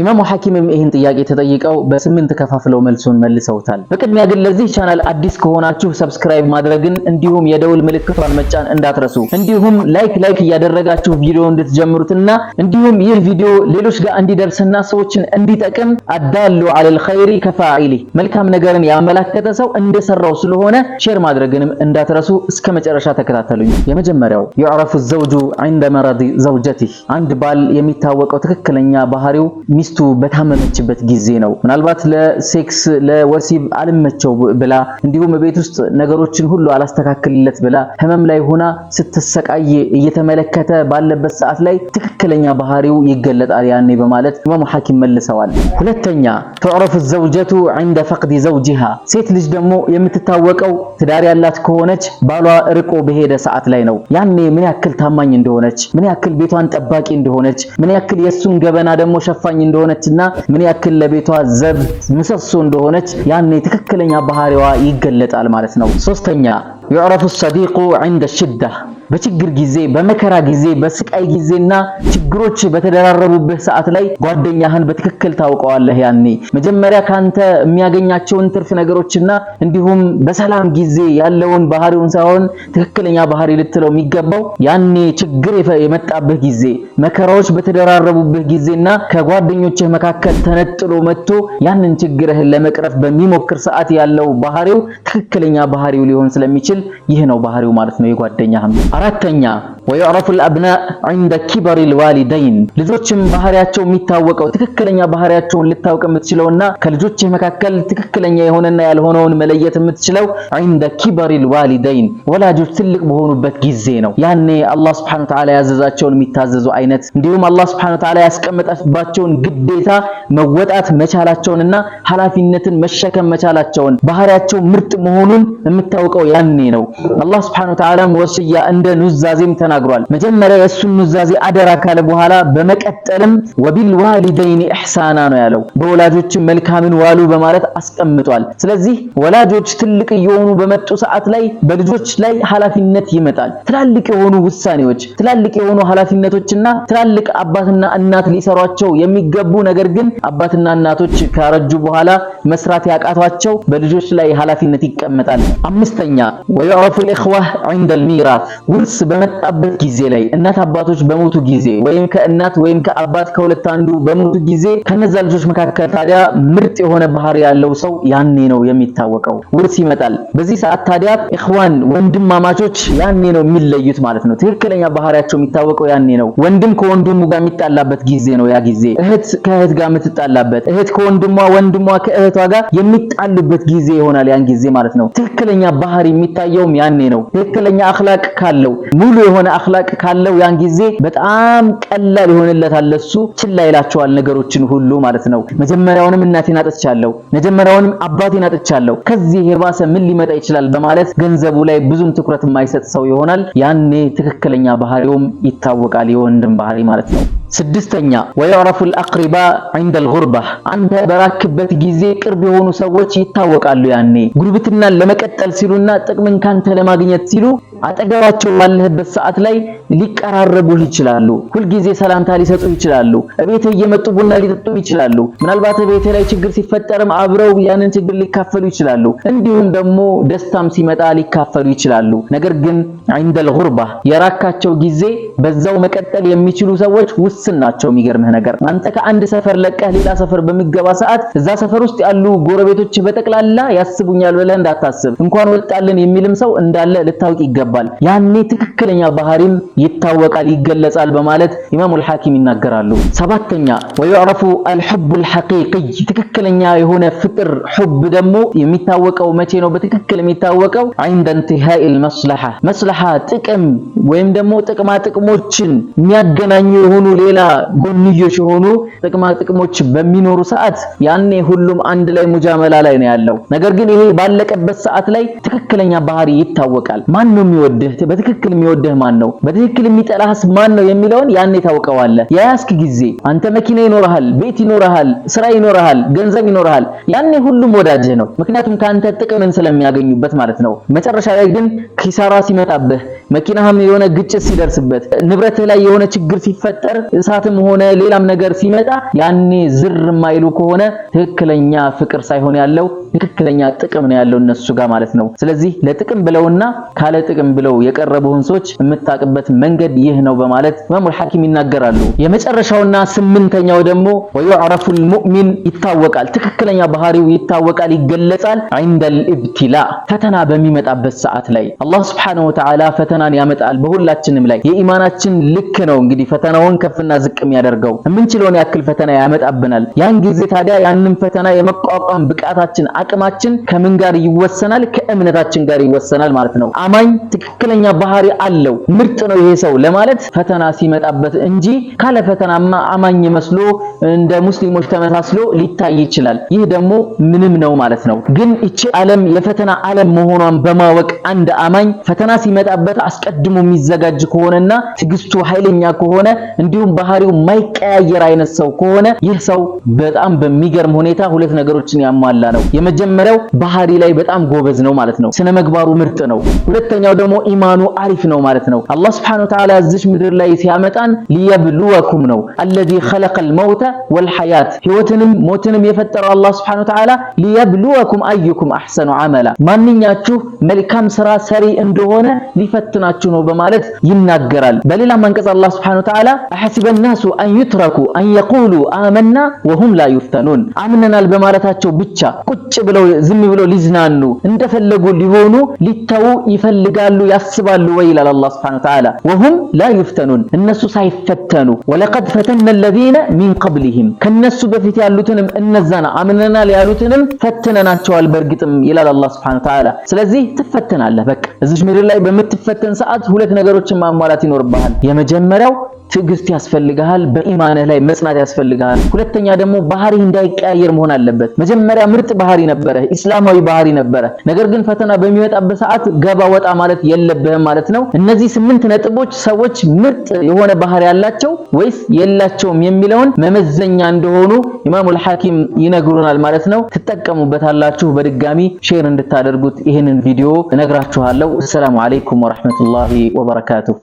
ኢማሙ ሐኪምም ይህን ጥያቄ ተጠይቀው በስምንት ከፋፍለው መልሱን መልሰውታል። በቅድሚያ ግን ለዚህ ቻናል አዲስ ከሆናችሁ ሰብስክራይብ ማድረግን እንዲሁም የደውል ምልክቷን መጫን እንዳትረሱ፣ እንዲሁም ላይክ ላይክ እያደረጋችሁ ቪዲዮ እንድትጀምሩትና እንዲሁም ይህ ቪዲዮ ሌሎች ጋር እንዲደርስና ሰዎችን እንዲጠቅም አዳሉ አለል ኸይሪ ከፋኢሊ መልካም ነገርን ያመላከተ ሰው እንደሰራው ስለሆነ ሼር ማድረግንም እንዳትረሱ። እስከ መጨረሻ ተከታተሉኝ። የመጀመሪያው ዩዕረፉ ዘውጁ ዐንደ መረዲ ዘውጀቲህ አንድ ባል የሚታወቀው ትክክለኛ ባህሪው ሚስቱ በታመመችበት ጊዜ ነው። ምናልባት ለሴክስ ለወሲብ አልመቸው ብላ እንዲሁም ቤት ውስጥ ነገሮችን ሁሉ አላስተካክልለት ብላ ህመም ላይ ሆና ስትሰቃይ እየተመለከተ ባለበት ሰዓት ላይ ትክክለኛ ባህሪው ይገለጣል ያኔ በማለት ኢማሙ ሐኪም መልሰዋል። ሁለተኛ ተዕረፍ ዘውጀቱ عند فقد زوجها ሴት ልጅ ደግሞ የምትታወቀው ትዳር ያላት ከሆነች ባሏ ርቆ በሄደ ሰዓት ላይ ነው። ያኔ ምን ያክል ታማኝ እንደሆነች፣ ምን ያክል ቤቷን ጠባቂ እንደሆነች፣ ምን ያክል የሱን ገበና ደግሞ ሸፋኝ እንደሆነች እንደሆነችና ምን ያክል ለቤቷ ዘብ ምሰሶ እንደሆነች ያኔ ትክክለኛ ባህሪዋ ይገለጣል ማለት ነው። ሶስተኛ ዩዕረፉ ሰዲቁ ዐንደ ሽዳ በችግር ጊዜ፣ በመከራ ጊዜ፣ በስቃይ ጊዜና ችግሮች በተደራረቡበት ሰዓት ላይ ጓደኛህን በትክክል ታውቀዋለህ። ያኔ መጀመሪያ ካንተ የሚያገኛቸውን ትርፍ ነገሮችና እንዲሁም በሰላም ጊዜ ያለውን ባህሪውን ሳይሆን ትክክለኛ ባህሪ ልትለው የሚገባው ያኔ ችግር የመጣበት ጊዜ፣ መከራዎች በተደራረቡበት ጊዜና ከጓደኞችህ መካከል ተነጥሎ መጥቶ ያንን ችግርህን ለመቅረፍ በሚሞክር ሰዓት ያለው ባህሪው ትክክለኛ ባህሪው ሊሆን ስለሚችል ይህ ነው ባህሪው ማለት ነው የጓደኛህም አራተኛ ወየዕረፉል አብናእ ዐንደ ኪበሪል ዋሊደይን ልጆችም ባህሪያቸው የሚታወቀው ትክክለኛ ባህሪያቸውን ልታውቅ የምትችለውና ከልጆች መካከል ትክክለኛ የሆነና ያልሆነውን መለየት የምትችለው ዐንደ ኪበሪል ዋሊደይን ወላጆች ትልቅ በሆኑበት ጊዜ ነው። ያኔ አላህ ሱብሓነሁ ወተዓላ ያዘዛቸውን የሚታዘዙ አይነት እንዲሁም አላህ ሱብሓነሁ ወተዓላ ያስቀመጠባቸውን ግዴታ መወጣት መቻላቸውንና ኃላፊነትን መሸከም መቻላቸውን ባህሪያቸው ምርጥ መሆኑን የምታውቀው ያኔ ነው። አላህ ሱብሓነሁ ወተዓላም ወስያ እንደ ኑዛዜም ተናግሯል። ተናግሯል። መጀመሪያ የእሱን ኑዛዜ አደራ ካለ በኋላ በመቀጠልም ወቢል ዋሊደይኒ ኢሕሳና ነው ያለው። በወላጆች መልካምን ዋሉ በማለት አስቀምጧል። ስለዚህ ወላጆች ትልቅ እየሆኑ በመጡ ሰዓት ላይ በልጆች ላይ ኃላፊነት ይመጣል። ትላልቅ የሆኑ ውሳኔዎች፣ ትላልቅ የሆኑ ኃላፊነቶችና ትላልቅ አባትና እናት ሊሰሯቸው የሚገቡ ነገር ግን አባትና እናቶች ካረጁ በኋላ መስራት ያቃቷቸው በልጆች ላይ ኃላፊነት ይቀመጣል። አምስተኛ ወይዕረፉል ኢኽዋህ ዐንደል ሚራስ ውርስ በመጣበት በሚሞቱበት ጊዜ ላይ እናት አባቶች በሞቱ ጊዜ ወይም ከእናት ወይም ከአባት ከሁለት አንዱ በሞቱ ጊዜ ከነዛ ልጆች መካከል ታዲያ ምርጥ የሆነ ባህሪ ያለው ሰው ያኔ ነው የሚታወቀው። ውርስ ይመጣል። በዚህ ሰዓት ታዲያ ኢኽዋን ወንድማማቾች ያኔ ነው የሚለዩት ማለት ነው። ትክክለኛ ባህሪያቸው የሚታወቀው ያኔ ነው። ወንድም ከወንድሙ ጋር የሚጣላበት ጊዜ ነው ያ ጊዜ። እህት ከእህት ጋር የምትጣላበት፣ እህት ከወንድሟ ወንድሟ ከእህቷ ጋር የሚጣሉበት ጊዜ ይሆናል ያን ጊዜ ማለት ነው። ትክክለኛ ባህሪ የሚታየውም ያኔ ነው። ትክክለኛ አክላቅ ካለው ሙሉ የሆነ አክላቅ ካለው ያን ጊዜ በጣም ቀላል ይሆንለታል። ለሱ ችላ ይላቸዋል ነገሮችን ሁሉ ማለት ነው። መጀመሪያውንም እናቴን አጥቻለሁ፣ መጀመሪያውንም አባቴን አጥቻለሁ፣ ከዚህ የባሰ ምን ሊመጣ ይችላል በማለት ገንዘቡ ላይ ብዙም ትኩረት የማይሰጥ ሰው ይሆናል። ያኔ ትክክለኛ ባህሪውም ይታወቃል፣ የወንድም ባህሪ ማለት ነው። ስድስተኛ ወይዕረፉ አልአቅሪባ ዐንደ አልጉርባ አንተ በራክበት ጊዜ ቅርብ የሆኑ ሰዎች ይታወቃሉ። ያኔ ጉርብትናን ለመቀጠል ሲሉና ጥቅምን ካንተ ለማግኘት ሲሉ አጠገባቸው ባለህበት ሰዓት ላይ ሊቀራረቡህ ይችላሉ። ሁልጊዜ ሰላምታ ሊሰጡ ይችላሉ። እቤትህ እየመጡ ቡና ሊጠጡ ይችላሉ። ምናልባት ቤት ላይ ችግር ሲፈጠርም አብረው ያንን ችግር ሊካፈሉ ይችላሉ። እንዲሁም ደግሞ ደስታም ሲመጣ ሊካፈሉ ይችላሉ። ነገር ግን ዐንደ አልጉርባ የራካቸው ጊዜ በዛው መቀጠል የሚችሉ ሰዎች ውስን ናቸው። የሚገርምህ ነገር አንተ ከአንድ ሰፈር ለቀህ ሌላ ሰፈር በሚገባ ሰዓት እዛ ሰፈር ውስጥ ያሉ ጎረቤቶች በጠቅላላ ያስቡኛል ብለህ እንዳታስብ፣ እንኳን ወጣልን የሚልም ሰው እንዳለ ልታውቅ ይገባል። ያኔ ትክክለኛ ባህሪም ይታወቃል፣ ይገለጻል በማለት ኢማሙል ሐኪም ይናገራሉ። ሰባተኛ ወዩዕረፉ አልሑቡል ሐቂቂይ ትክክለኛ የሆነ ፍቅር ሑብ ደግሞ የሚታወቀው መቼ ነው? በትክክል የሚታወቀው ዐይንደ ኢንቲሃኢል መስለሓ መስለሓ ጥቅም ወይም ደግሞ ጥቅማ ጥቅሞችን የሚያገናኙ የሆኑ ሌላ ጎንዮሽ የሆኑ ጥቅማ ጥቅሞች በሚኖሩ ሰዓት ያኔ ሁሉም አንድ ላይ ሙጃመላ ላይ ነው ያለው። ነገር ግን ይሄ ባለቀበት ሰዓት ላይ ትክክለኛ ባህሪ ይታወቃል። ማን ነው የሚወድህ? በትክክል የሚወድህ ማን ነው? በትክክል የሚጠላህስ ማን ነው የሚለውን ያኔ ታውቀዋለህ። የያስክ ጊዜ አንተ መኪና ይኖርሃል፣ ቤት ይኖርሃል፣ ስራ ይኖርሃል፣ ገንዘብ ይኖርሃል። ያኔ ሁሉም ወዳጅህ ነው። ምክንያቱም ከአንተ ጥቅምን ስለሚያገኙበት ማለት ነው። መጨረሻ ላይ ግን ኪሳራ ሲመጣብህ፣ መኪናህም የሆነ ግጭት ሲደርስበት፣ ንብረትህ ላይ የሆነ ችግር ሲፈጠር እሳትም ሆነ ሌላም ነገር ሲመጣ ያኔ ዝር የማይሉ ከሆነ ትክክለኛ ፍቅር ሳይሆን ያለው ትክክለኛ ጥቅም ነው ያለው እነሱ ጋር ማለት ነው። ስለዚህ ለጥቅም ብለውና ካለ ጥቅም ብለው የቀረቡህን ሰዎች የምታቅበት መንገድ ይህ ነው በማለት ኢማሙል ሐኪም ይናገራሉ። የመጨረሻውና ስምንተኛው ደግሞ ወዩዕረፉል ሙእሚን ይታወቃል፣ ትክክለኛ ባህሪው ይታወቃል፣ ይገለጻል። ዐንደል ኢብቲላ ፈተና በሚመጣበት ሰዓት ላይ አላህ ሱብሓነሁ ወተዓላ ፈተናን ያመጣል በሁላችንም ላይ የኢማናችን ልክ ነው እንግዲህ ፈተናውን ከፍና ከፍና ዝቅም ያደርገው የምንችለውን ያክል ፈተና ያመጣብናል። ያን ጊዜ ታዲያ ያንን ፈተና የመቋቋም ብቃታችን፣ አቅማችን ከምን ጋር ይወሰናል? ከእምነታችን ጋር ይወሰናል ማለት ነው። አማኝ ትክክለኛ ባህሪ አለው ምርጥ ነው ይሄ ሰው ለማለት ፈተና ሲመጣበት እንጂ ካለ ፈተናማ አማኝ መስሎ እንደ ሙስሊሞች ተመሳስሎ ሊታይ ይችላል። ይህ ደግሞ ምንም ነው ማለት ነው። ግን እቺ ዓለም የፈተና ዓለም መሆኗን በማወቅ አንድ አማኝ ፈተና ሲመጣበት አስቀድሞ የሚዘጋጅ ከሆነና ትግስቱ ኃይለኛ ከሆነ እንዲሁም ባህሪው የማይቀያየር አይነት ሰው ከሆነ ይህ ሰው በጣም በሚገርም ሁኔታ ሁለት ነገሮችን ያሟላ ነው። የመጀመሪያው ባህሪ ላይ በጣም ጎበዝ ነው ማለት ነው። ስነ ምግባሩ ምርጥ ነው። ሁለተኛው ደግሞ ኢማኑ አሪፍ ነው ማለት ነው። አላህ Subhanahu Wa Ta'ala ምድር ላይ ሲያመጣን ሊየብሉወኩም ነው الذي خلق መውተ والحياة ህይወትንም ሞትንም የፈጠረው አላህ Subhanahu Wa ሊየብሉወኩም አዩኩም አሕሰኑ አመላ ማንኛችሁ መልካም ስራ ሰሪ እንደሆነ ሊፈትናችሁ ነው በማለት ይናገራል። በሌላ መንቀጽ አላህ Subhanahu Wa Ta'ala አሐሲበናሱ አን ዩትረኩ አን የቁሉ አመና ወሁም ላ ዩፍተኑን አምነናል በማለታቸው ብቻ ቁጭ ብለው ዝም ብለው ሊዝናኑ እንደፈለጉ ሊሆኑ ሊተዉ ይፈልጋሉ ያስባሉ ወይ? ይላል አላህ ሱብሓነሁ ወተዓላ ወሁም ላ ዩፍተኑን እነሱ ሳይፈተኑ ወለቀድ ፈተና አለዚነ ሚን ቀብሊሂም ከነሱ በፊት ያሉትንም እነዛን አምነናል ያሉትንም ፈትነናቸዋል በእርግጥም ይላል አላህ ሱብሓነሁ ወተዓላ። ስለዚህ ትፈተናለህ። በቃ እዚህ ምድር ላይ በምትፈተን ሰዓት ሁለት ነገሮችን ማሟላት ይኖርብሃል። የመጀመሪያው ትዕግስት ያስፈልግሃል። በኢማንህ ላይ መጽናት ያስፈልግሃል። ሁለተኛ ደግሞ ባህሪ እንዳይቀያየር መሆን አለበት። መጀመሪያ ምርጥ ባህሪ ነበረ፣ ኢስላማዊ ባህሪ ነበረ። ነገር ግን ፈተና በሚወጣበት ሰዓት ገባ ወጣ ማለት የለብህም ማለት ነው። እነዚህ ስምንት ነጥቦች ሰዎች ምርጥ የሆነ ባህሪ ያላቸው ወይስ የላቸውም የሚለውን መመዘኛ እንደሆኑ ኢማሙል ሐኪም ይነግሩናል ማለት ነው። ትጠቀሙበታላችሁ። በድጋሚ ሼር እንድታደርጉት ይህንን ቪዲዮ እነግራችኋለሁ። አሰላሙ አለይኩም ወራህመቱላሂ ወበረካቱሁ።